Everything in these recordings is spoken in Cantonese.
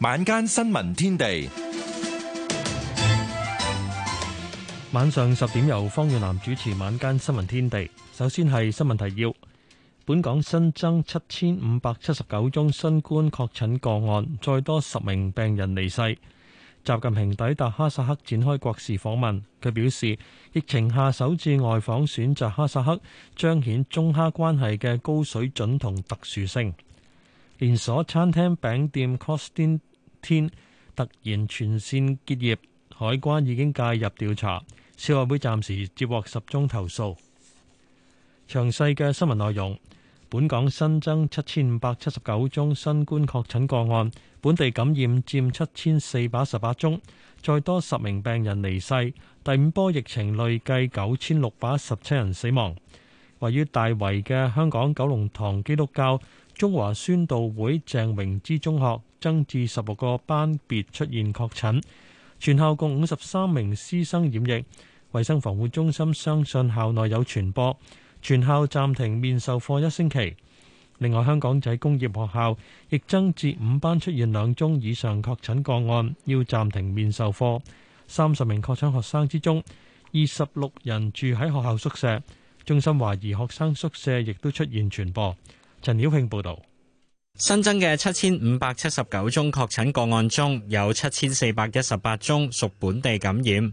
晚間新聞天地，晚上十點由方遠南主持晚間新聞天地。首先係新聞提要：本港新增七千五百七十九宗新冠確診個案，再多十名病人離世。習近平抵達哈薩克展開國事訪問，佢表示，疫情下首次外訪選擇哈薩克，彰顯中哈關係嘅高水準同特殊性。連鎖餐廳餅店 Costin 天突然全線結業，海關已經介入調查。消委會暫時接獲十宗投訴。詳細嘅新聞內容，本港新增七千五百七十九宗新冠確診個案，本地感染佔七千四百十八宗，再多十名病人離世，第五波疫情累計九千六百十七人死亡。位於大圍嘅香港九龍塘基督教。中華宣道會鄭榮之中學增至十六個班別出現確診，全校共五十三名師生染疫。衛生防護中心相信校內有傳播，全校暫停面授課一星期。另外，香港仔工業學校亦增至五班出現兩宗以上確診個案，要暫停面授課。三十名確診學生之中，二十六人住喺學校宿舍，中心懷疑學生宿舍亦都出現傳播。陳曉慶報道：新增嘅七千五百七十九宗確診個案中，有七千四百一十八宗屬本地感染。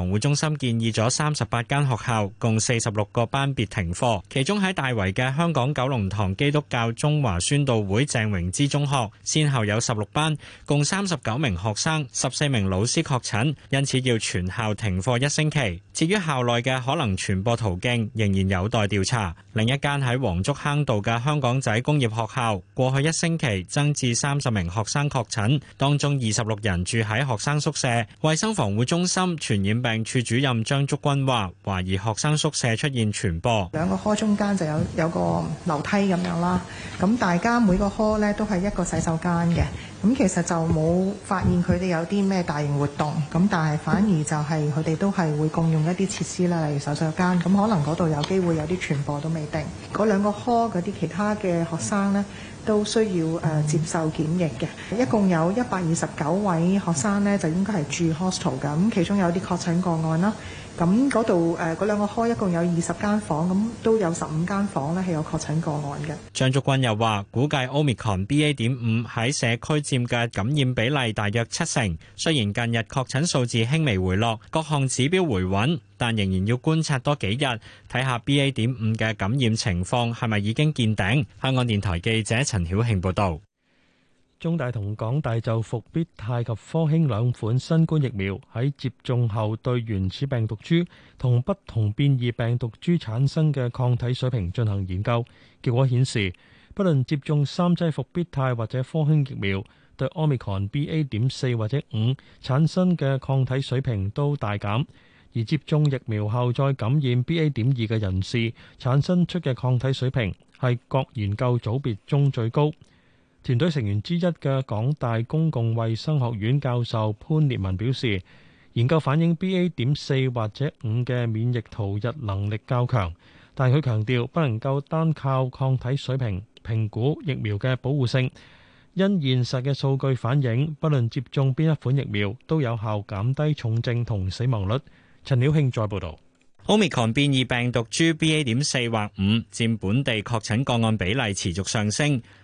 防護中心建議咗三十八間學校，共四十六個班別停課。其中喺大圍嘅香港九龍塘基督教中華宣道會鄭榮之中學，先後有十六班，共三十九名學生、十四名老師確診，因此要全校停課一星期。至於校內嘅可能傳播途徑，仍然有待調查。另一間喺黃竹坑道嘅香港仔工業學校，過去一星期增至三十名學生確診，當中二十六人住喺學生宿舍。衛生防護中心傳染病病處主任張竹君話，懷疑學生宿舍出現傳播。兩個科中間就有有個樓梯咁樣啦，咁大家每個科呢都係一個洗手間嘅，咁其實就冇發現佢哋有啲咩大型活動，咁但係反而就係佢哋都係會共用一啲設施啦，例如洗手間，咁可能嗰度有機會有啲傳播都未定。嗰兩個科嗰啲其他嘅學生呢，都需要誒、呃、接受檢疫嘅，一共有一百二十九位學生咧，就應該係住 hostel 㗎，咁其中有啲確診個案啦。咁嗰度誒嗰兩個開一共有二十間房，咁都有十五間房咧係有確診個案嘅。張竹君又話，估計 Omicron BA. 點五喺社區佔嘅感染比例大約七成。雖然近日確診數字輕微回落，各項指標回穩，但仍然要觀察多幾日，睇下 BA. 點五嘅感染情況係咪已經見頂？香港電台記者陳曉慶報道。中大同港大就復必泰及科興兩款新冠疫苗喺接種後對原始病毒株同不同變異病毒株產生嘅抗體水平進行研究，結果顯示，不論接種三劑復必泰或者科興疫苗，對 OmicronBA 點四或者五產生嘅抗體水平都大減，而接種疫苗後再感染 BA 點二嘅人士，產生出嘅抗體水平係各研究組別中最高。團隊成員之一嘅港大公共衛生學院教授潘烈文表示，研究反映 B.A. 點四或者五嘅免疫逃逸能力較強，但係佢強調不能夠單靠抗體水平評估疫苗嘅保護性。因現實嘅數據反映，不論接種邊一款疫苗，都有效減低重症同死亡率。陳曉慶再報道，奧密克戎變異病毒株 B.A. 點四或五佔本地確診個案比例持續上升。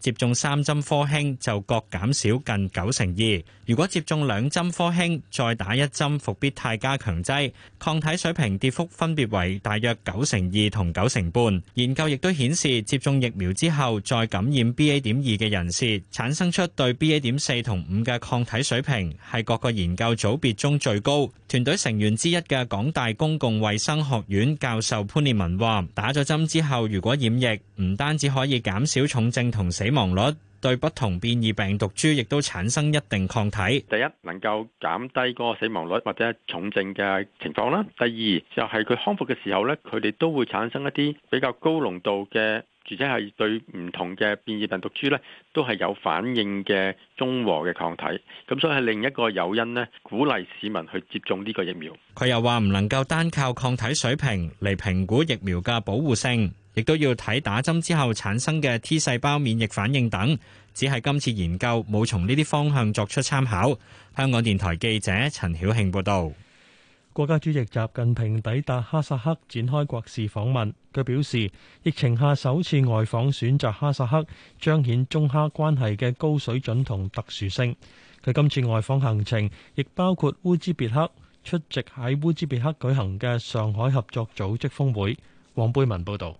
接種三針科興就各減少近九成二，如果接種兩針科興再打一針復必泰加強劑，抗體水平跌幅分別為大約九成二同九成半。研究亦都顯示，接種疫苗之後，再感染 B.A. 點二嘅人士產生出對 B.A. 點四同五嘅抗體水平係各個研究組別中最高。團隊成員之一嘅港大公共衛生學院教授潘烈文話：「打咗針之後，如果染疫，唔單止可以減少重症同死。死亡率對不同變異病毒株亦都產生一定抗體。第一，能夠減低嗰個死亡率或者重症嘅情況啦；第二，就係佢康復嘅時候咧，佢哋都會產生一啲比較高濃度嘅，而且係對唔同嘅變異病毒株咧都係有反應嘅中和嘅抗體。咁所以係另一個誘因咧，鼓勵市民去接種呢個疫苗。佢又話唔能夠單靠抗體水平嚟評估疫苗嘅保護性。亦都要睇打針之後產生嘅 T 細胞免疫反應等，只係今次研究冇從呢啲方向作出參考。香港電台記者陳曉慶報道，國家主席習近平抵達哈薩克，展開國事訪問。佢表示，疫情下首次外訪，選擇哈薩克，彰顯中哈關係嘅高水準同特殊性。佢今次外訪行程亦包括烏茲別克，出席喺烏茲別克舉行嘅上海合作組織峰會。黃貝文報道。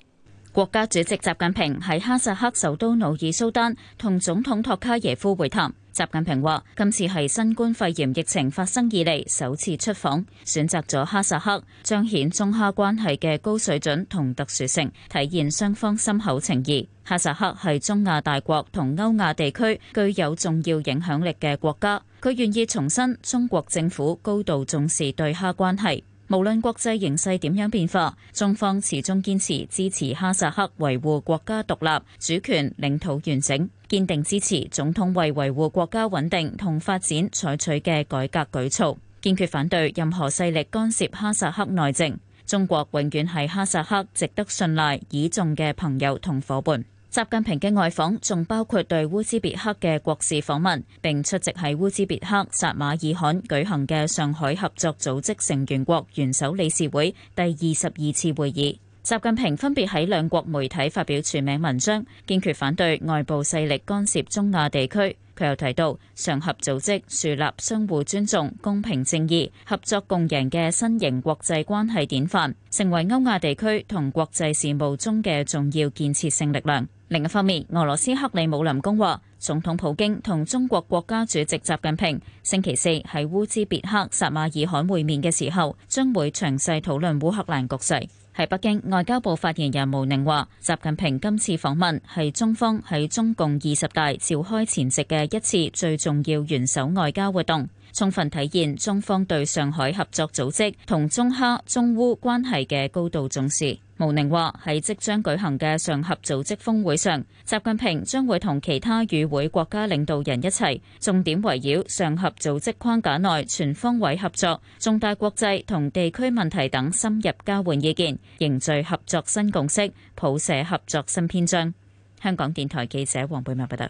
國家主席習近平喺哈薩克首都努爾蘇丹同總統托卡耶夫會談。習近平話：今次係新冠肺炎疫情發生以嚟首次出訪，選擇咗哈薩克，彰顯中哈關係嘅高水準同特殊性，體現雙方深厚情誼。哈薩克係中亞大國同歐亞地區具有重要影響力嘅國家，佢願意重申中國政府高度重視對哈關係。無論國際形勢點樣變化，中方始終堅持支持哈薩克維護國家獨立、主權、領土完整，堅定支持總統為維護國家穩定同發展採取嘅改革舉措，堅決反對任何勢力干涉哈薩克內政。中國永遠係哈薩克值得信賴、倚重嘅朋友同夥伴。習近平嘅外訪仲包括對烏茲別克嘅國事訪問，並出席喺烏茲別克撒馬爾罕舉行嘅上海合作組織成員國元首理事會第二十二次會議。習近平分別喺兩國媒體發表署名文章，堅決反對外部勢力干涉中亞地區。佢又提到，上合組織樹立相互尊重、公平正義、合作共贏嘅新型國際關係典範，成為歐亞地區同國際事務中嘅重要建設性力量。另一方面，俄羅斯克里姆林宮話，總統普京同中國國家主席習近平星期四喺烏茲別克撒馬爾罕會面嘅時候，將會詳細討論烏克蘭局勢。喺北京，外交部發言人毛寧話，習近平今次訪問係中方喺中共二十大召開前夕嘅一次最重要元首外交活動，充分體現中方對上海合作組織同中哈、中烏關係嘅高度重視。毛寧話：喺即將舉行嘅上合組織峰會上，習近平將會同其他與會國家領導人一齊，重點圍繞上合組織框架內全方位合作、重大國際同地區問題等深入交換意見，凝聚合作新共識，譜寫合作新篇章。香港電台記者黃貝文報道。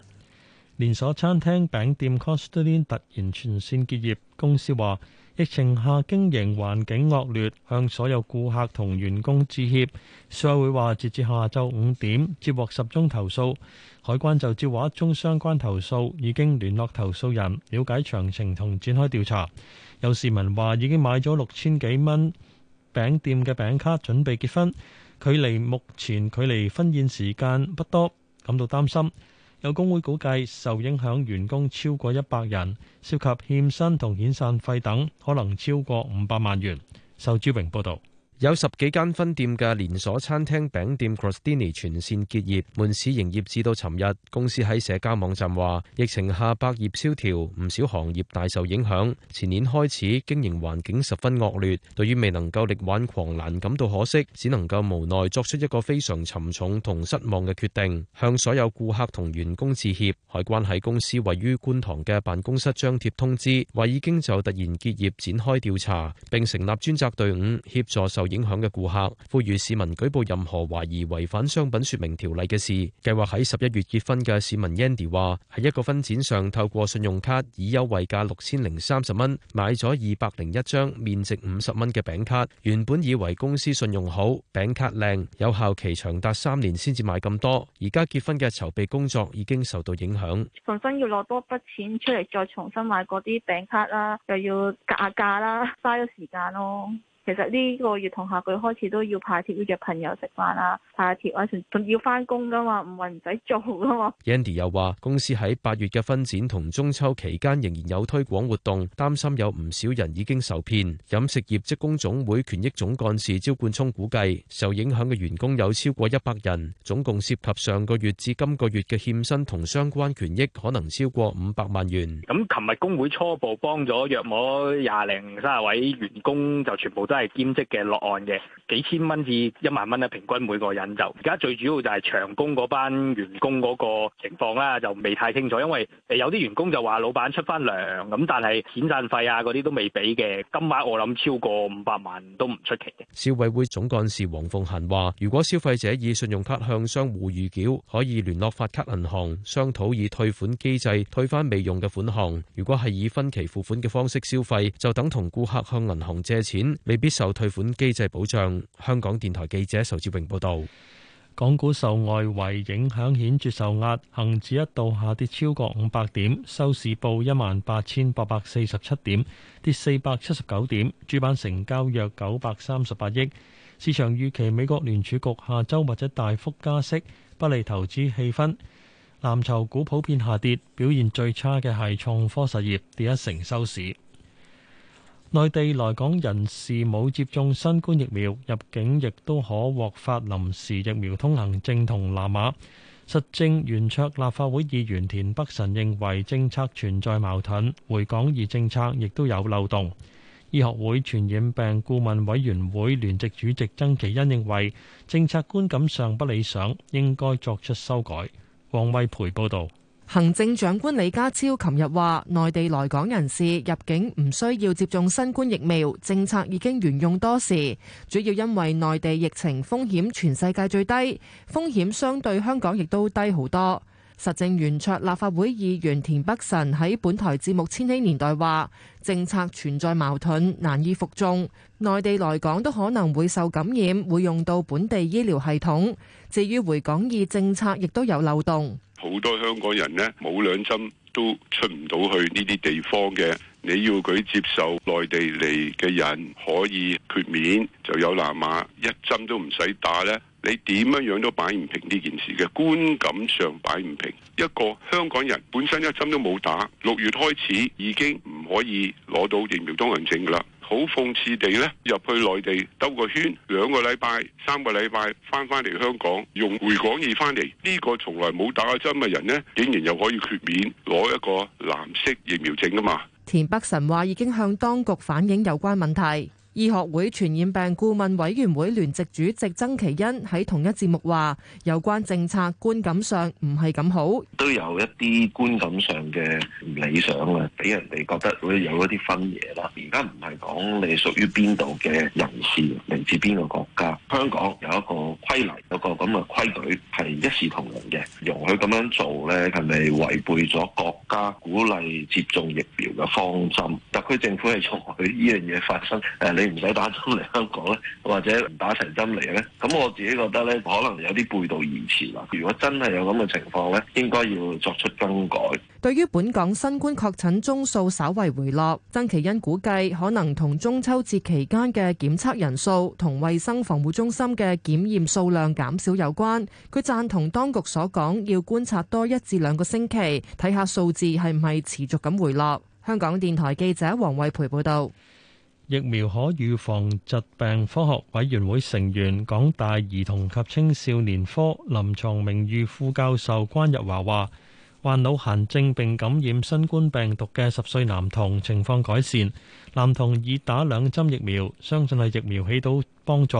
連鎖餐廳餅店 Costelin 突然全線結業，公司話疫情下經營環境惡劣，向所有顧客同員工致歉。消委會話，截至下晝五點，接獲十宗投訴。海關就接獲一宗相關投訴，已經聯絡投訴人了解詳情同展開調查。有市民話，已經買咗六千幾蚊餅店嘅餅卡，準備結婚，距離目前距離婚宴時間不多，感到擔心。有工會估計，受影響員工超過一百人，涉及欠薪同遣散費等，可能超過五百萬元。仇志榮報導。有十幾間分店嘅連鎖餐廳餅店 Crostini 全線結業，門市營業至到尋日。公司喺社交網站話：疫情下百業蕭條，唔少行業大受影響。前年開始經營環境十分惡劣，對於未能夠力挽狂瀾感到可惜，只能夠無奈作出一個非常沉重同失望嘅決定，向所有顧客同員工致歉。海關喺公司位於觀塘嘅辦公室張貼通知，話已經就突然結業展開調查，並成立專責隊伍協助受影響嘅顧客呼籲市民舉報任何懷疑違反商品說明條例嘅事。計劃喺十一月結婚嘅市民、y、Andy 話：喺一個分展上透過信用卡以優惠價六千零三十蚊買咗二百零一張面值五十蚊嘅餅卡。原本以為公司信用好，餅卡靚，有效期長達三年先至買咁多。而家結婚嘅籌備工作已經受到影響，重新要攞多筆錢出嚟再重新買嗰啲餅卡啦，又要價價啦，嘥咗時間咯。其實呢個月同下個月開始都要派貼約朋友食飯啊，派貼啊，仲要翻工噶嘛，唔係唔使做噶嘛。Andy 又話：公司喺八月嘅分展同中秋期間仍然有推廣活動，擔心有唔少人已經受騙。飲食業職工總會權益總幹事焦冠聰估計，受影響嘅員工有超過一百人，總共涉及上個月至今個月嘅欠薪同相關權益可能超過五百萬元。咁琴日工會初步幫咗約摸廿零三十位員工就全部。都係兼職嘅落案嘅，幾千蚊至一萬蚊咧，平均每個人就而家最主要就係長工嗰班員工嗰個情況啦，就未太清楚，因為誒有啲員工就話老闆出翻糧咁，但係遣散費啊嗰啲都未俾嘅。今晚我諗超過五百萬都唔出奇嘅。消委會總幹事黃鳳嫻話：如果消費者以信用卡向商戶預繳，可以聯絡發卡銀行商討以退款機制退翻未用嘅款項；如果係以分期付款嘅方式消費，就等同顧客向銀行借錢嚟。必受退款機制保障。香港電台記者仇志榮報道。港股受外圍影響顯著受壓，恒指一度下跌超過五百點，收市報一萬八千八百四十七點，跌四百七十九點，主板成交約九百三十八億市場預期美國聯儲局下周或者大幅加息，不利投資氣氛。藍籌股普遍下跌，表現最差嘅係創科實業跌一成收市。內地來港人士冇接種新冠疫苗入境，亦都可獲發臨時疫苗通行證同藍碼。實政圓桌立法會議員田北辰認為政策存在矛盾，回港易政策亦都有漏洞。醫學會傳染病顧問委員會聯席主席曾其恩認為政策觀感尚不理想，應該作出修改。王威培報導。行政長官李家超琴日話：內地來港人士入境唔需要接種新冠疫苗，政策已經沿用多時。主要因為內地疫情風險全世界最低，風險相對香港亦都低好多。實政圓桌立法會議員田北辰喺本台節目《千禧年代》話：政策存在矛盾，難以服眾。內地來港都可能會受感染，會用到本地醫療系統。至於回港易政策，亦都有漏洞。好多香港人呢，冇兩針都出唔到去呢啲地方嘅，你要佢接受內地嚟嘅人可以豁免就有難嘛，一針都唔使打呢。你點樣樣都擺唔平呢件事嘅，觀感上擺唔平，一個香港人本身一針都冇打，六月開始已經唔可以攞到疫苗通行證㗎啦。好諷刺地呢，入去內地兜個圈兩個禮拜、三個禮拜，翻翻嚟香港用回港易翻嚟，呢個從來冇打過針嘅人呢，竟然又可以豁免攞一個藍色疫苗證㗎嘛？田北辰話已經向當局反映有關問題。醫學會傳染病顧問委員會聯席主席曾其恩喺同一節目話：有關政策觀感上唔係咁好，都有一啲觀感上嘅唔理想啊，俾人哋覺得會有一啲分野啦。而家唔係講你屬於邊度嘅人士，嚟自邊個國家。香港有一個規例，有個咁嘅規矩係一視同仁嘅，容許咁樣做咧，係咪違背咗國家鼓勵接種疫苗嘅方針？特區政府係從佢呢樣嘢發生誒。你唔使打針嚟香港咧，或者唔打成針嚟嘅咧？咁我自己覺得咧，可能有啲背道而馳啦。如果真係有咁嘅情況咧，應該要作出更改。對於本港新冠確診宗數稍為回落，曾其恩估計可能同中秋節期間嘅檢測人數同衛生防護中心嘅檢驗數量減少有關，佢贊同當局所講，要觀察多一至兩個星期，睇下數字係唔係持續咁回落。香港電台記者黃慧培報道。疫苗可預防疾病。科學委員會成員、港大兒童及青少年科臨床名譽副教授關日華話，患腦癇症並感染新冠病毒嘅十歲男童情況改善，男童已打兩針疫苗，相信係疫苗起到幫助。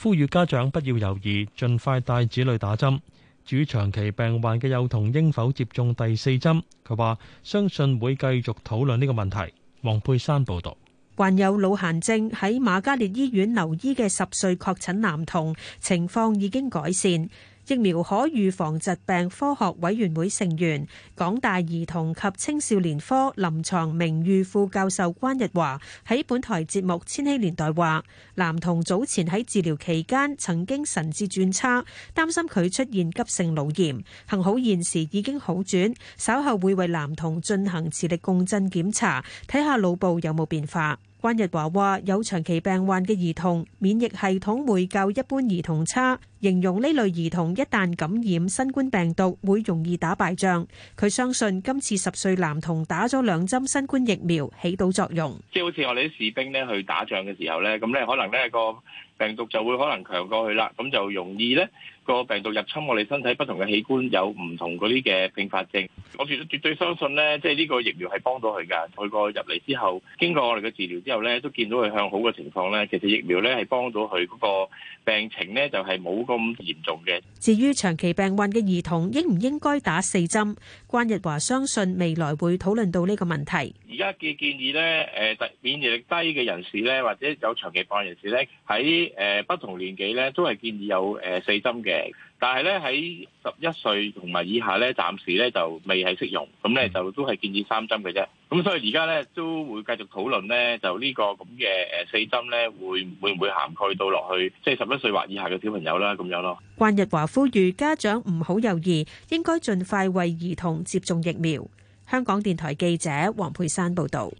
呼籲家長不要猶豫，盡快帶子女打針。至於長期病患嘅幼童應否接種第四針，佢話相信會繼續討論呢個問題。黃佩珊報導。患有腦癇症喺馬嘉烈醫院留醫嘅十歲確診男童情況已經改善。疫苗可預防疾病科學委員會成員、港大兒童及青少年科臨床名譽副教授關日華喺本台節目《千禧年代》話，男童早前喺治療期間曾經神志轉差，擔心佢出現急性腦炎，幸好現時已經好轉，稍後會為男童進行磁力共振檢查，睇下腦部有冇變化。關日華話：有長期病患嘅兒童，免疫系統會較一般兒童差，形容呢類兒童一旦感染新冠病毒，會容易打敗仗。佢相信今次十歲男童打咗兩針新冠疫苗，起到作用。即係好似我哋啲士兵呢去打仗嘅時候呢，咁呢可能呢個病毒就會可能強過佢啦，咁就容易呢。個病毒入侵我哋身體不同嘅器官，有唔同嗰啲嘅併發症。我絕對相信咧，即係呢個疫苗係幫到佢㗎。佢個入嚟之後，經過我哋嘅治療之後咧，都見到佢向好嘅情況咧。其實疫苗咧係幫到佢嗰個病情咧，就係冇咁嚴重嘅。至於長期病患嘅兒童，應唔應該打四針？關日華相信未來會討論到呢個問題。而家嘅建議咧，誒免疫力低嘅人士咧，或者有長期病嘅人士咧，喺誒不同年紀咧，都係建議有誒四針嘅。但係咧喺十一歲同埋以下咧，暫時咧就未係適用，咁咧就都係建議三針嘅啫。咁所以而家咧都會繼續討論咧，就呢個咁嘅誒四針咧會會唔會涵蓋到落去即係十一歲或以下嘅小朋友啦，咁樣咯。關日華呼籲家長唔好猶豫，應該盡快為兒童接種疫苗。香港電台記者黃佩珊報道。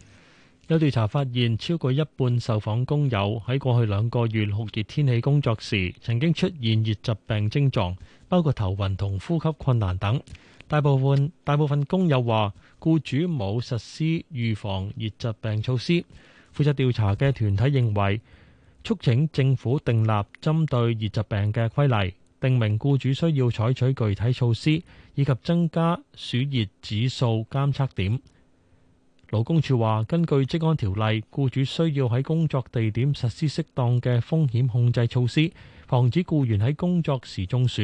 有調查發現，超過一半受訪工友喺過去兩個月酷熱天氣工作時，曾經出現熱疾病症狀，包括頭暈同呼吸困難等。大部分大部分工友話，僱主冇實施預防熱疾病措施。負責調查嘅團體認為，促請政府訂立針對熱疾病嘅規例，定明僱主需要採取具體措施，以及增加暑熱指數監測點。勞工處話，根據職安條例，僱主需要喺工作地點實施適當嘅風險控制措施，防止僱員喺工作時中暑。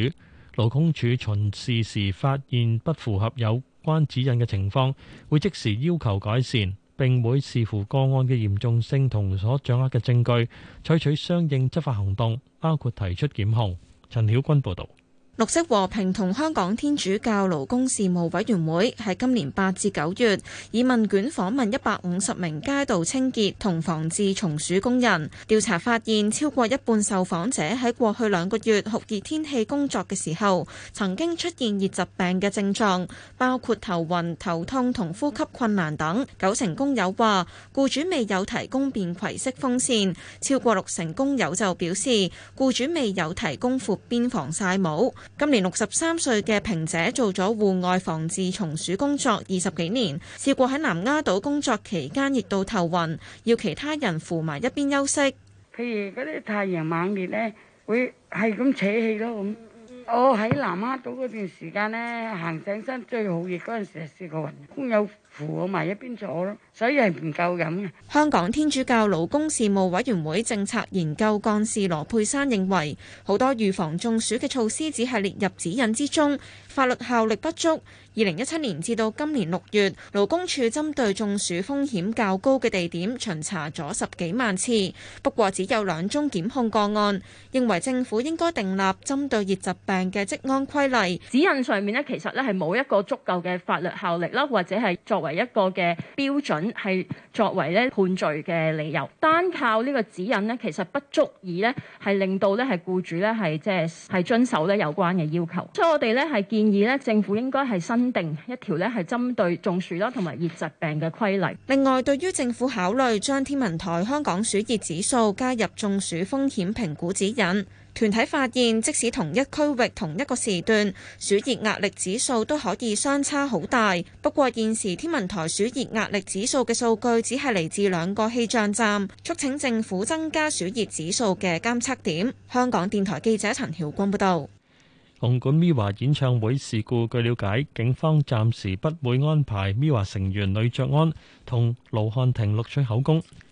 勞工處巡視時發現不符合有關指引嘅情況，會即時要求改善，並會視乎個案嘅嚴重性同所掌握嘅證據，採取相應執法行動，包括提出檢控。陳曉君報道。綠色和平同香港天主教勞工事務委員會喺今年八至九月以問卷訪問一百五十名街道清潔同防治松鼠工人，調查發現超過一半受訪者喺過去兩個月酷熱天氣工作嘅時候，曾經出現熱疾病嘅症狀，包括頭暈、頭痛同呼吸困難等。九成工友話，僱主未有提供便攜式風扇，超過六成工友就表示，僱主未有提供闊邊防曬帽。今年六十三歲嘅平姐做咗戶外防治蟲鼠工作二十幾年，試過喺南丫島工作期間熱到頭暈，要其他人扶埋一邊休息。譬如嗰啲太陽猛烈呢，會係咁扯氣咯咁。我喺南丫島嗰段時間呢，行整身最熱嗰陣時，就試過暈工友。扶我埋一邊咗咯，所以係唔夠飲嘅。香港天主教勞工事務委員會政策研究幹事羅佩珊認為，好多預防中暑嘅措施只係列入指引之中，法律效力不足。二零一七年至到今年六月，勞工處針對中暑風險較高嘅地點巡查咗十幾萬次，不過只有兩宗檢控個案。認為政府應該訂立針對熱疾病嘅職安規例。指引上面呢，其實呢係冇一個足夠嘅法律效力啦，或者係作。為一個嘅標準係作為咧判罪嘅理由，單靠呢個指引呢，其實不足以呢，係令到咧係僱主呢，係即係係遵守呢有關嘅要求。所以我哋呢，係建議呢政府應該係新定一條呢，係針對中暑啦同埋熱疾病嘅規例。另外，對於政府考慮將天文台香港暑熱指數加入中暑風險評估指引。團體發現，即使同一區域、同一個時段，暑熱壓力指數都可以相差好大。不過現時天文台暑熱壓力指數嘅數據只係嚟自兩個氣象站，促請政府增加暑熱指數嘅監測點。香港電台記者陳曉光報道。紅館 MIRROR 演唱會事故，據了解，警方暫時不會安排 MIRROR 成員呂爵安同盧瀚霆錄取口供。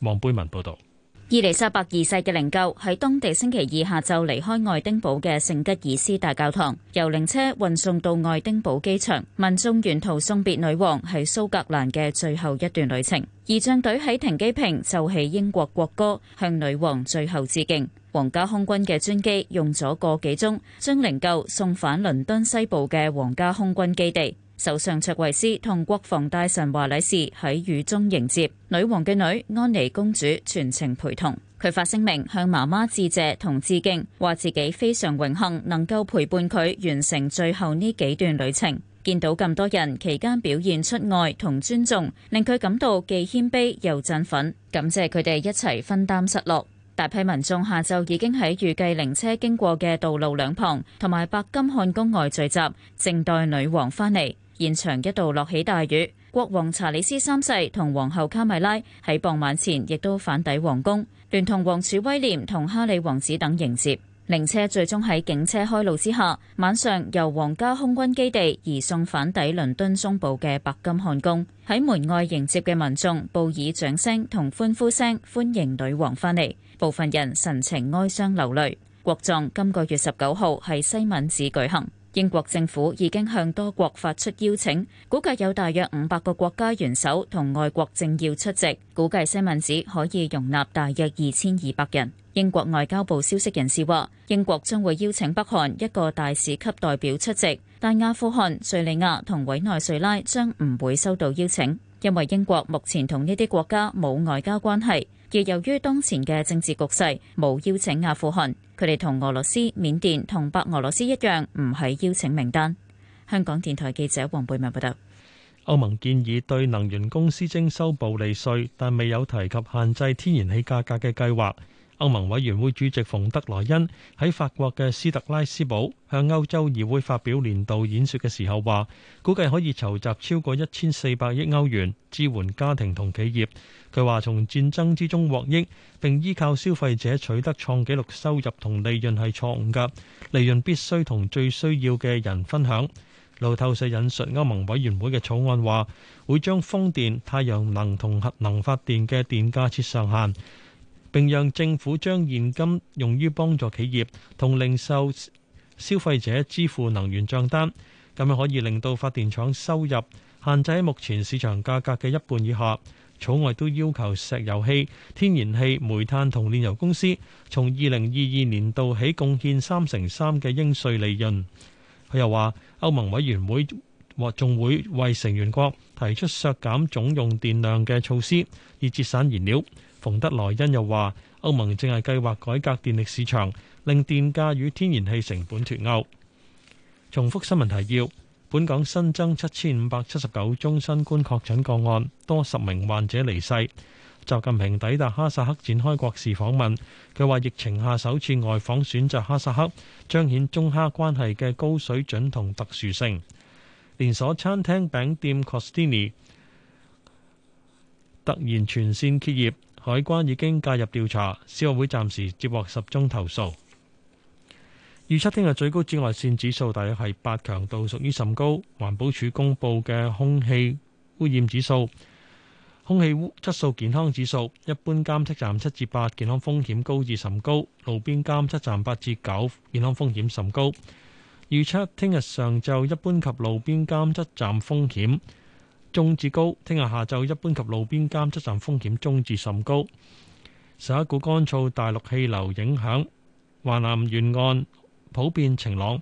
王貝文報道，伊利沙伯二世嘅靈柩喺當地星期二下晝離開愛丁堡嘅聖吉爾斯大教堂，由靈車運送到愛丁堡機場，民眾沿途送別女王，係蘇格蘭嘅最後一段旅程。儀仗隊喺停機坪奏起英國國歌，向女王最後致敬。皇家空軍嘅專機用咗個幾鐘，將靈柩送返倫敦西部嘅皇家空軍基地。首相卓慧思同國防大臣華禮士喺雨中迎接女王嘅女安妮公主全程陪同。佢發聲明向媽媽致謝同致敬，話自己非常榮幸能夠陪伴佢完成最後呢幾段旅程。見到咁多人期間表現出愛同尊重，令佢感到既謙卑又振奮，感謝佢哋一齊分擔失落。大批民眾下晝已經喺預計靈車經過嘅道路兩旁同埋白金漢宮外聚集，靜待女王返嚟。現場一度落起大雨，國王查理斯三世同皇后卡米拉喺傍晚前亦都返抵皇宮，聯同王儲威廉同哈里王子等迎接。靈車最終喺警車開路之下，晚上由皇家空軍基地移送返抵倫敦中部嘅白金漢宮。喺門外迎接嘅民眾，報以掌聲同歡呼聲歡迎女王返嚟，部分人神情哀傷流淚。國葬今個月十九號喺西敏寺舉行。英國政府已經向多國發出邀請，估計有大約五百個國家元首同外國政要出席，估計西敏寺可以容納大約二千二百人。英國外交部消息人士話，英國將會邀請北韓一個大使級代表出席，但阿富汗、敘利亞同委內瑞拉將唔會收到邀請，因為英國目前同呢啲國家冇外交關係，而由於當前嘅政治局勢，冇邀請阿富汗。佢哋同俄羅斯、緬甸同白俄羅斯一樣，唔係邀請名單。香港電台記者黃貝文報道，歐盟建議對能源公司徵收暴利稅，但未有提及限制天然氣價格嘅計劃。歐盟委員會主席馮德萊恩喺法國嘅斯特拉斯堡向歐洲議會發表年度演說嘅時候話，估計可以籌集超過一千四百億歐元支援家庭同企業。佢話從戰爭之中獲益並依靠消費者取得創紀錄收入同利潤係錯誤㗎，利潤必須同最需要嘅人分享。路透社引述歐盟委員會嘅草案話，會將風電、太陽能同核能發電嘅電價設上限。並讓政府將現金用於幫助企業同零售消費者支付能源帳單，咁樣可以令到發電廠收入限制喺目前市場價格嘅一半以下。草案都要求石油氣、天然氣、煤炭同煉油公司從二零二二年度起貢獻三成三嘅應稅利潤。佢又話，歐盟委員會或仲會為成員國提出削減總用電量嘅措施，以節省燃料。馮德萊恩又話：歐盟正係計劃改革電力市場，令電價與天然氣成本脱鈎。重複新聞提要：本港新增七千五百七十九宗新冠確診個案，多十名患者離世。習近平抵達哈薩克展開國事訪問，佢話疫情下首次外訪選擇哈薩克，彰顯中哈關係嘅高水準同特殊性。連鎖餐廳餅店 Costini 突然全線歇業。海關已經介入調查，消委會暫時接獲十宗投訴。預測聽日最高紫外線指數大約係八，強度屬於甚高。環保署公布嘅空氣污染指數、空氣污質素健康指數，一般監測站七至八，健康風險高至甚高；路邊監測站八至九，健康風險甚高。預測聽日上晝一般及路邊監測站風險中至高，聽日下晝一般及路邊監測站風險中至甚高。受一股乾燥大陸氣流影響，華南沿岸普遍晴朗。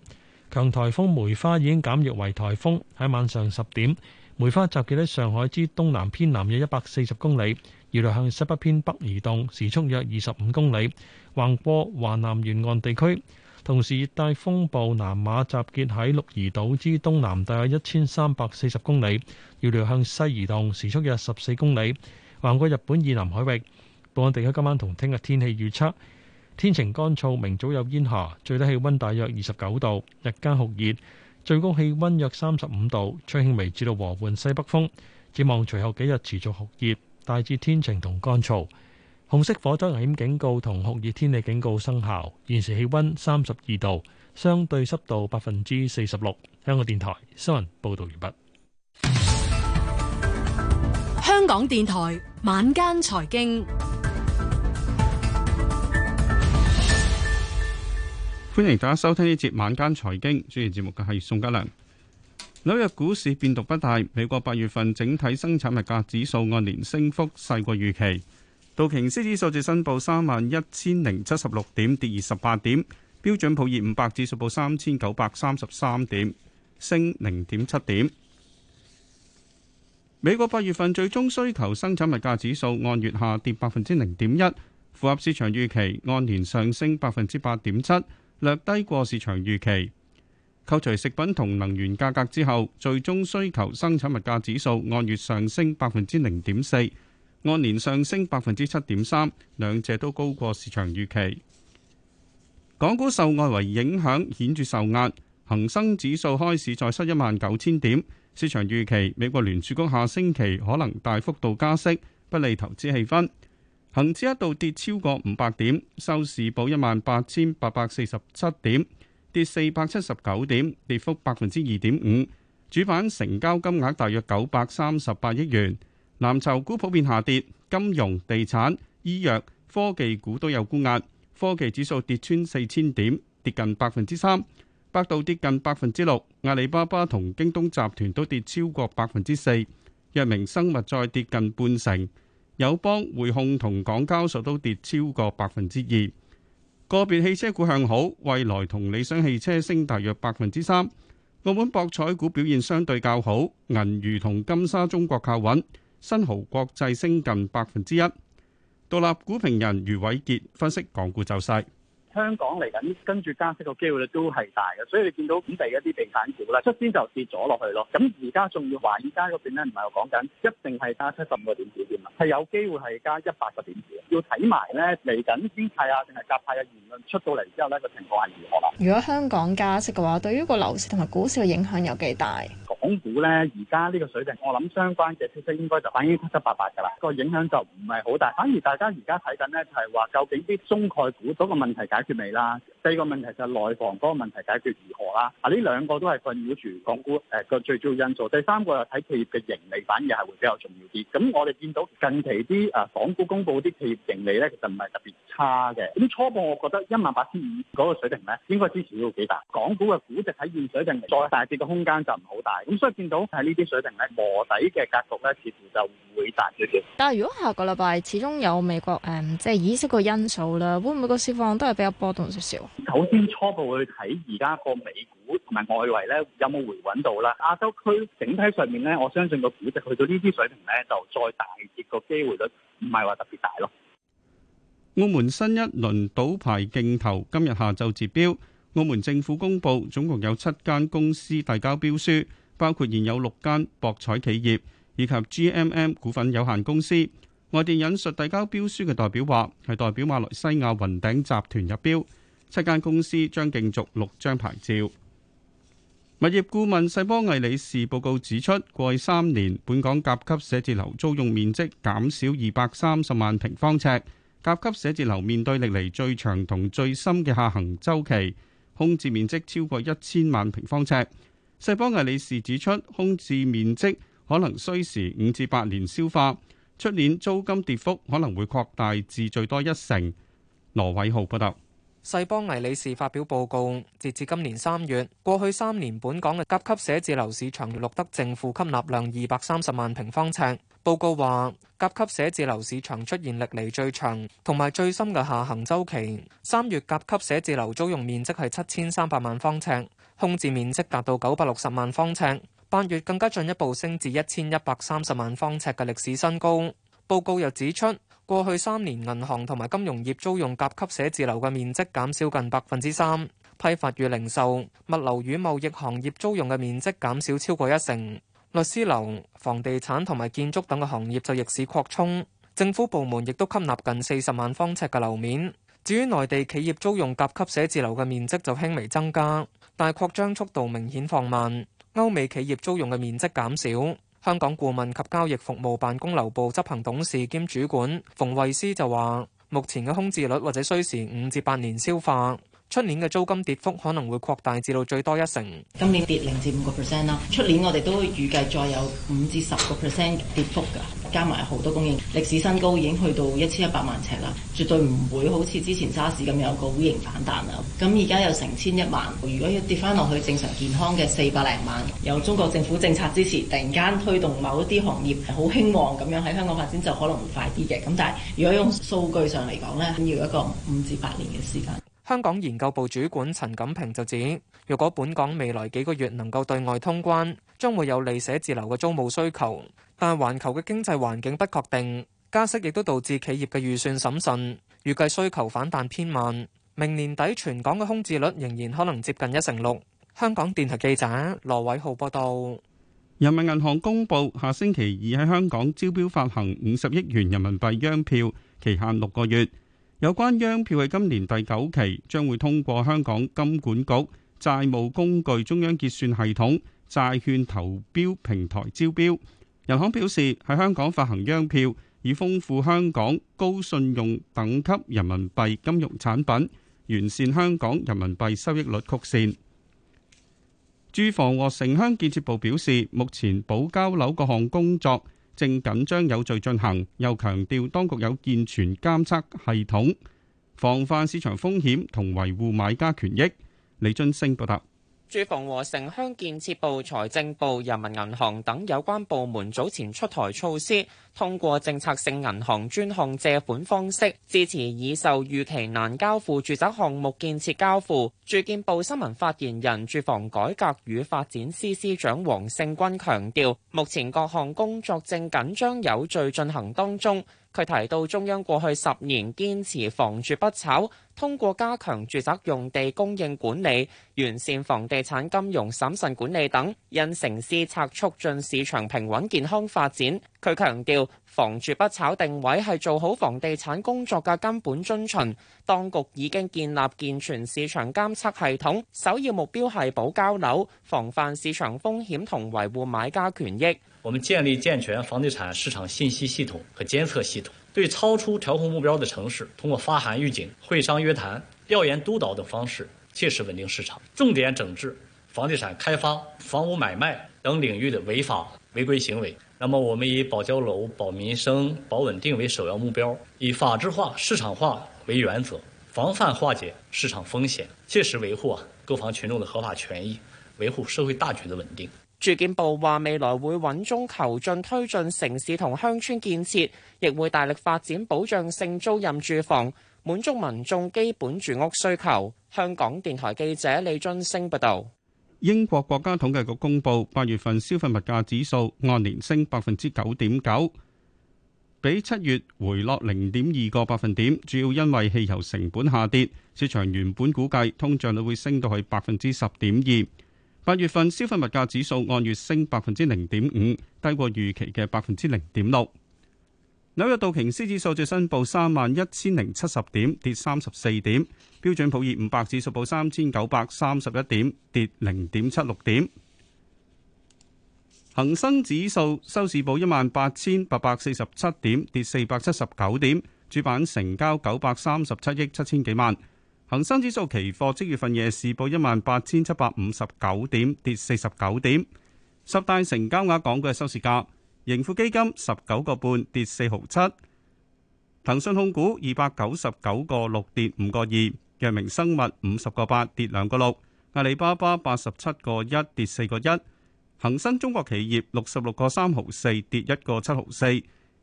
強颱風梅花已經減弱為颱風，喺晚上十點，梅花集結喺上海之東南偏南約一百四十公里，而來向西北偏北移動，時速約二十五公里，橫過華南沿岸地區。同時，熱帶風暴南馬集結喺鹿兒島之東南大約一千三百四十公里，預料向西移動，時速約十四公里，橫過日本以南海域。本港地區今晚同聽日天氣預測：天晴乾燥，明早有煙霞，最低氣溫大約二十九度，日間酷熱，最高氣溫約三十五度，吹輕微至到和緩西北風。展望隨後幾日持續酷熱，大致天晴同乾燥。紅色火災危險警告同酷熱天氣警告生效。現時氣溫三十二度，相對濕度百分之四十六。香港電台新聞報道完畢。香港電台晚間財經，歡迎大家收聽呢節晚間財經。主持節目嘅係宋家良。紐約股市變動不大，美國八月份整體生產物價指數按年升幅細過預期。道瓊斯指數最新報三萬一千零七十六點，跌二十八點。標準普爾五百指數報三千九百三十三點，升零點七點。美國八月份最終需求生產物價指數按月下跌百分之零點一，符合市場預期，按年上升百分之八點七，略低過市場預期。扣除食品同能源價格之後，最終需求生產物價指數按月上升百分之零點四。按年上升百分之七點三，兩者都高過市場預期。港股受外圍影響顯著受壓，恒生指數開市再失一萬九千點。市場預期美國聯儲局下星期可能大幅度加息，不利投資氣氛。恒指一度跌超過五百點，收市報一萬八千八百四十七點，跌四百七十九點，跌幅百分之二點五。主板成交金額大約九百三十八億元。藍籌股普遍下跌，金融、地產、醫藥、科技股都有沽壓。科技指數跌穿四千點，跌近百分之三。百度跌近百分之六，阿里巴巴同京東集團都跌超過百分之四。藥明生物再跌近半成，友邦匯控同港交所都跌超過百分之二。個別汽車股向好，蔚來同理想汽車升大約百分之三。澳門博彩股表現相對較好，銀娛同金沙中國靠穩。新豪國際升近百分之一。獨立股評人余偉傑分析港股走勢：香港嚟緊跟住加息嘅機會都係大嘅，所以你見到本地一啲地產股咧，率先就跌咗落去咯。咁而家仲要話，而家嗰邊咧唔係我講緊一定係加七十五個點子嘅，係有機會係加一百個點子。要睇埋咧嚟緊先派啊，定係夾派嘅言論出到嚟之後呢，個情況係如何啦？如果香港加息嘅話，對於個樓市同埋股市嘅影響有幾大？港股咧而家呢個水平，我諗相關嘅消息應該就反應七七八八㗎啦，這個影響就唔係好大。反而大家而家睇緊咧，就係、是、話究竟啲中概股嗰個問題解決未啦？第二個問題就係內房嗰個問題解決如何啦？啊，呢兩個都係困擾住港股誒個、呃、最主要因素。第三個就睇企業嘅盈利反而係會比較重要啲。咁我哋見到近期啲啊、呃、港股公布啲企業盈利咧，其實唔係特別差嘅。咁初步我覺得一萬八千五嗰個水平咧，應該支持到幾大？港股嘅估值喺現水平再大跌嘅空間就唔好大。所以見到喺呢啲水平咧磨底嘅格局咧，似乎就唔會彈嘅。但係如果下個禮拜始終有美國誒，即係議息個因素啦，會唔會個市況都係比較波動少少？首先初步去睇而家個美股同埋外圍咧有冇回穩到啦？亞洲區整體上面咧，我相信個估值去到呢啲水平咧，就再大跌個機會率唔係話特別大咯。澳門新一輪賭牌競投今日下晝截標，澳門政府公布總共有七間公司遞交標書。包括現有六間博彩企業以及 GMM 股份有限公司。外電引述遞交標書嘅代表話，係代表馬來西亞雲頂集團入標。七間公司將競逐六張牌照。物業顧問世邦魏理仕報告指出，過去三年本港甲級寫字樓租用面積減少二百三十萬平方尺，甲級寫字樓面對歷嚟最長同最深嘅下行週期，空置面積超過一千萬平方尺。世邦魏理仕指出，空置面積可能需時五至八年消化，出年租金跌幅可能會擴大至最多一成。羅偉豪報道，世邦魏理仕發表報告，截至今年三月，過去三年本港嘅甲級寫字樓市場錄得淨負吸納量二百三十萬平方尺。報告話甲級寫字樓市場出現歷嚟最長同埋最深嘅下行周期。三月甲級寫字樓租用面積係七千三百萬方尺。空置面積達到九百六十萬方尺，八月更加進一步升至一千一百三十萬方尺嘅歷史新高。報告又指出，過去三年銀行同埋金融業租用甲級寫字樓嘅面積減少近百分之三，批發與零售、物流與貿易行業租用嘅面積減少超過一成。律師樓、房地產同埋建築等嘅行業就逆市擴充，政府部門亦都吸納近四十萬方尺嘅樓面。至於內地企業租用甲級寫字樓嘅面積就輕微增加，但係擴張速度明顯放慢。歐美企業租用嘅面積減少。香港顧問及交易服務辦公樓部執行董事兼主管馮慧思就話：目前嘅空置率或者需時五至八年消化。出年嘅租金跌幅可能會擴大，至到最多一成。今年跌零至五個 percent 啦，出年我哋都預計再有五至十個 percent 跌幅㗎。加埋好多供應，歷史新高已經去到一千一百萬尺啦，絕對唔會好似之前沙士咁有個 U 形反彈啦。咁而家有成千一萬，如果要跌翻落去正常健康嘅四百零萬，由中國政府政策支持，突然間推動某一啲行業好興旺咁樣喺香港發展，就可能快啲嘅。咁但係如果用數據上嚟講咧，要一個五至八年嘅時間。香港研究部主管陳錦平就指，若果本港未來幾個月能夠對外通關，將會有利寫字樓嘅租務需求，但環球嘅經濟環境不確定，加息亦都導致企業嘅預算審慎，預計需求反彈偏慢。明年底全港嘅空置率仍然可能接近一成六。香港電台記者羅偉浩報道，人民銀行公布下星期二喺香港招標發行五十億元人民幣央票，期限六個月。有關央票喺今年第九期，將會通過香港金管局債務工具中央結算系統債券投標平台招標。人行表示喺香港發行央票，以豐富香港高信用等級人民幣金融產品，完善香港人民幣收益率曲線。住房和城鄉建設部表示，目前保交樓各項工作。正緊張有序進行，又強調當局有健全監測系統，防範市場風險同維護買家權益。李俊升報道。住房和城鄉建設部、財政部、人民銀行等有關部門早前出台措施，通過政策性銀行專項借款方式，支持已售預期難交付住宅項目建設交付。住建部新聞發言人、住房改革與發展司司長王勝軍強調，目前各項工作正緊張有序進行當中。佢提到，中央過去十年堅持房住不炒，通過加強住宅用地供應管理、完善房地產金融審慎管理等，因城施策促進市場平穩健康發展。佢強調，房住不炒定位係做好房地產工作嘅根本遵循。當局已經建立健全市場監測系統，首要目標係保交樓，防範市場風險同維護買家權益。我們建立健全房地產市場信息系統和監測系統，對超出調控目標的城市，通過發函預警、會商約談、調研督導等方式，切實穩定市場。重點整治房地產開發、房屋買賣等領域的違法違規行為。那麼，我們以保交樓、保民生、保穩定為首要目標，以法治化、市場化為原則，防範化解市場風險，切實維護啊購房群眾的合法權益，維護社會大局的穩定。住建部話未來會穩中求進，推進城市同鄉村建設，亦會大力發展保障性租賃住房，滿足民眾基本住屋需求。香港電台記者李俊升報道。英國國家統計局公布八月份消費物價指數按年升百分之九點九，比七月回落零點二個百分點，主要因為汽油成本下跌。市場原本估計通脹率會升到去百分之十點二。八月份消費物價指數按月升百分之零點五，低過預期嘅百分之零點六。紐約道瓊斯指數最新報三萬一千零七十點，跌三十四點；標準普爾五百指數報三千九百三十一點，跌零點七六點。恒生指數收市報一萬八千八百四十七點，跌四百七十九點。主板成交九百三十七億七千幾萬。恒生指數期貨即月份夜市報一萬八千七百五十九點，跌四十九點。十大成交額港股嘅收市價。盈富基金十九個半跌四毫七，騰訊控股二百九十九個六跌五個二，藥明生物五十個八跌兩個六，阿里巴巴八十七個一跌四個一，恒生中國企業六十六個三毫四跌一個七毫四，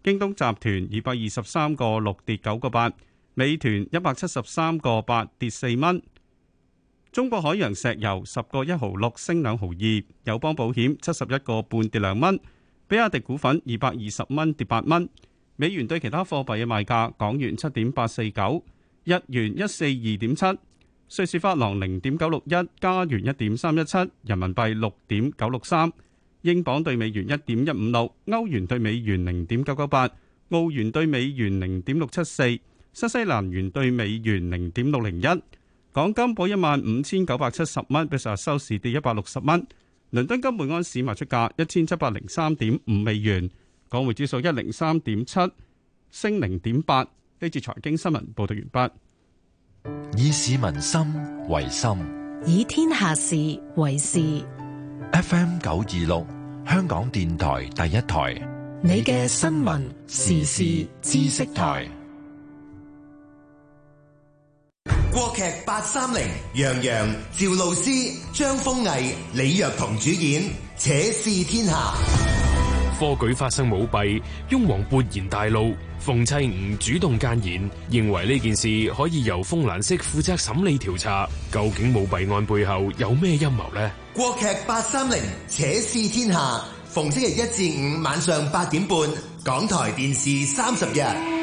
京東集團二百二十三個六跌九個八，美團一百七十三個八跌四蚊，中國海洋石油十個一毫六升兩毫二，友邦保險七十一個半跌兩蚊。比亞迪股份二百二十蚊跌八蚊，美元對其他貨幣嘅賣價：港元七點八四九，日元一四二點七，瑞士法郎零點九六一，加元一點三一七，人民幣六點九六三，英鎊對美元一點一五六，歐元對美元零點九九八，澳元對美元零點六七四，新西蘭元對美元零點六零一。港金報一萬五千九百七十蚊，比上日收市跌一百六十蚊。倫敦金每安士賣出價一千七百零三點五美元，港匯指數一零三點七，升零點八。呢次財經新聞報道完畢。以市民心為心，以天下事為事。FM 九二六，香港電台第一台，你嘅新聞時事知識台。國劇八三零，楊洋、趙露思、張豐毅、李若彤主演《且試天下》。科舉發生舞弊，雍王勃然大怒，馮妻五主動諫言，認為呢件事可以由風蘭式負責審理調查。究竟舞弊案背後有咩陰謀呢？國劇八三零《且試天下》，逢星期一至五晚上八點半，港台電視三十日。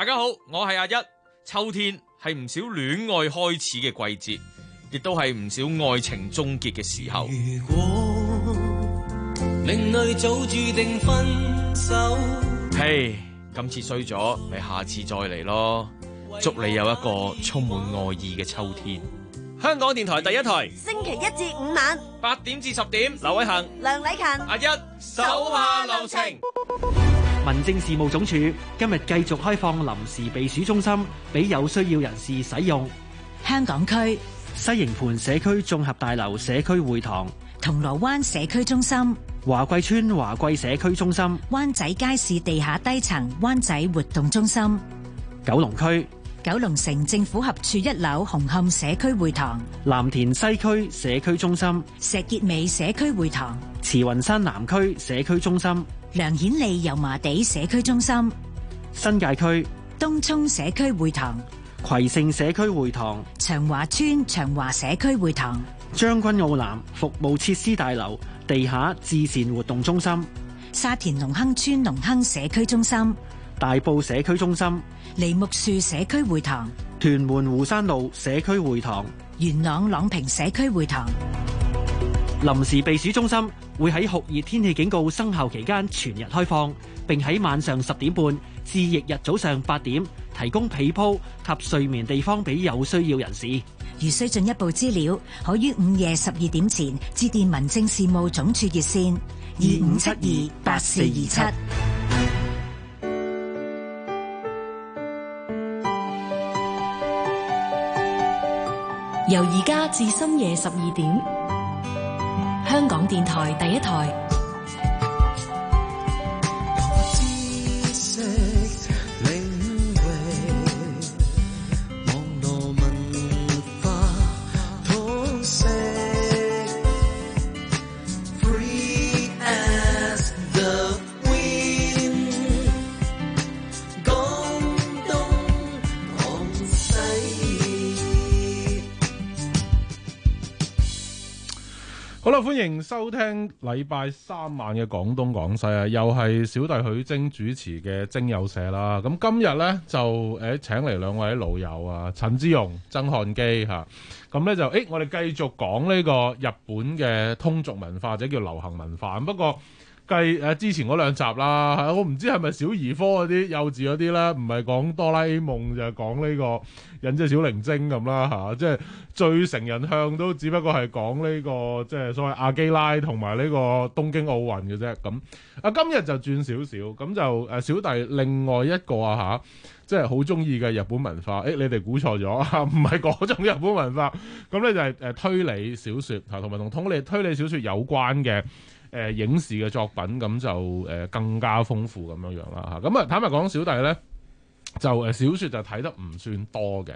大家好，我係阿一。秋天係唔少戀愛開始嘅季節，亦都係唔少愛情終結嘅時候。如果另類早注定分手，嘿，今次衰咗，咪下次再嚟咯。祝你有一個充滿愛意嘅秋天。香港電台第一台，星期一至五晚八點至十點，劉偉恒、梁麗勤、阿一，手下留情。民政事務總署今日繼續開放臨時避暑中心，俾有需要人士使用。香港區西營盤社區綜合大樓社區會堂、銅鑼灣社區中心、華貴村華貴社區中心、灣仔街市地下低層灣仔活動中心、九龍區九龍城政府合署一樓紅磡社區會堂、藍田西區社區中心、石硤尾社區會堂、慈雲山南區社區中心。梁顯利油麻地社區中心，新界區東涌社區會堂，葵盛社區會堂，長華村長華社區會堂，將軍澳南服務設施大樓地下慈善活動中心，沙田隆亨村隆亨社區中心，大埔社區中心，梨木樹社區會堂，屯門湖山路社區會堂，元朗朗平社區會堂，臨時避暑中心。會喺酷熱天氣警告生效期間全日開放，並喺晚上十點半至翌日早上八點提供被鋪及睡眠地方俾有需要人士。如需進一步資料，可於午夜十二點前致電民政事務總署熱線二五七二八四二七，由而家至深夜十二點。香港電台第一台。好啦，歡迎收聽禮拜三晚嘅廣東廣西啊，又係小弟許晶主持嘅精友社啦。咁、嗯、今日呢，就誒、欸，請嚟兩位老友啊，陳志榮、曾漢基吓、啊。咁、嗯、呢，就誒、欸，我哋繼續講呢個日本嘅通俗文化，即係叫流行文化。不過，計誒、啊、之前嗰兩集啦，嚇、啊、我唔知係咪小兒科嗰啲幼稚嗰啲咧，唔係講哆啦 A 夢就係講呢個忍者小靈精咁啦，嚇、啊、即係最成人向都只不過係講呢個即係所謂阿基拉同埋呢個東京奧運嘅啫咁。啊，今日就轉少少咁就誒、啊、小弟另外一個啊吓、啊，即係好中意嘅日本文化。誒、欸，你哋估錯咗嚇，唔係嗰種日本文化。咁咧就係、是、誒、啊、推理小説，同埋同同你推理小説有關嘅。誒、呃、影視嘅作品咁就誒、呃、更加豐富咁樣樣啦嚇，咁啊坦白講，小弟咧就誒、呃、小説就睇得唔算多嘅，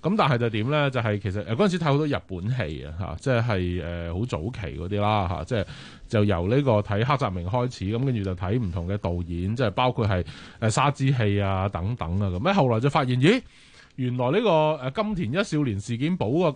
咁但係就點咧？就係、是、其實誒嗰陣時睇好多日本戲啊嚇，即係誒好早期嗰啲啦嚇，即係就由呢個睇黑澤明開始，咁跟住就睇唔同嘅導演，即係包括係誒、呃、沙治氣啊等等啊咁，咁後來就發現咦，原來呢個誒金田一少年事件簿啊。